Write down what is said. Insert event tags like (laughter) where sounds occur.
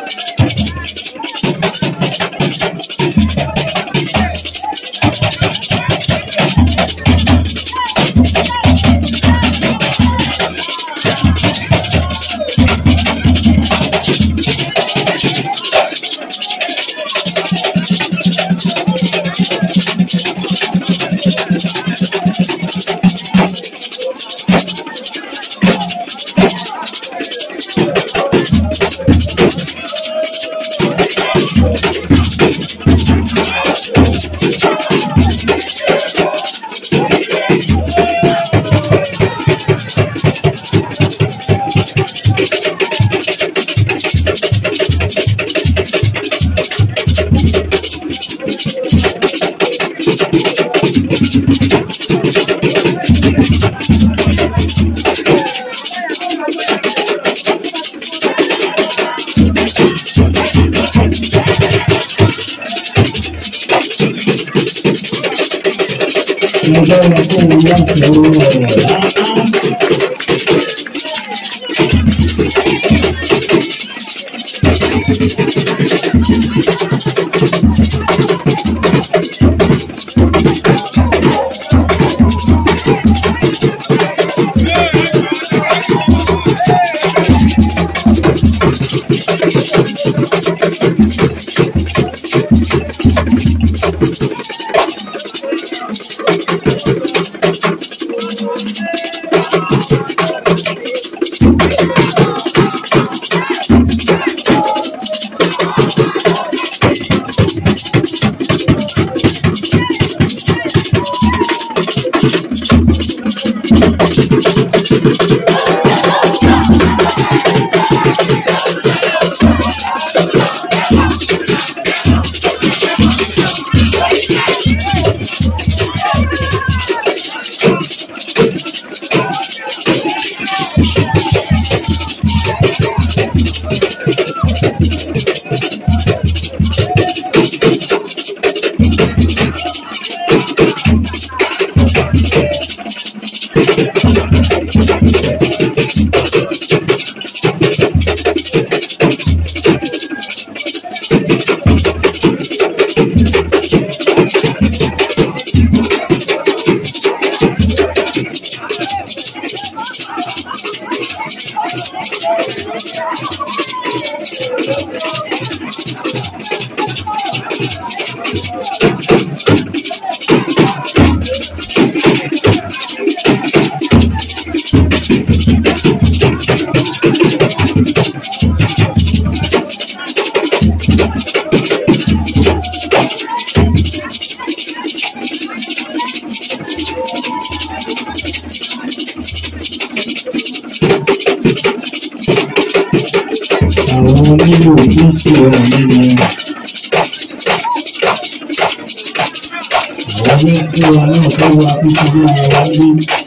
Thank (laughs) you. Thank you. you am gonna pull up àwọn nílò tí ń ṣe ọ̀rọ̀ nínú àwọn ní kí wọn náà tó wá fífi ní ara wa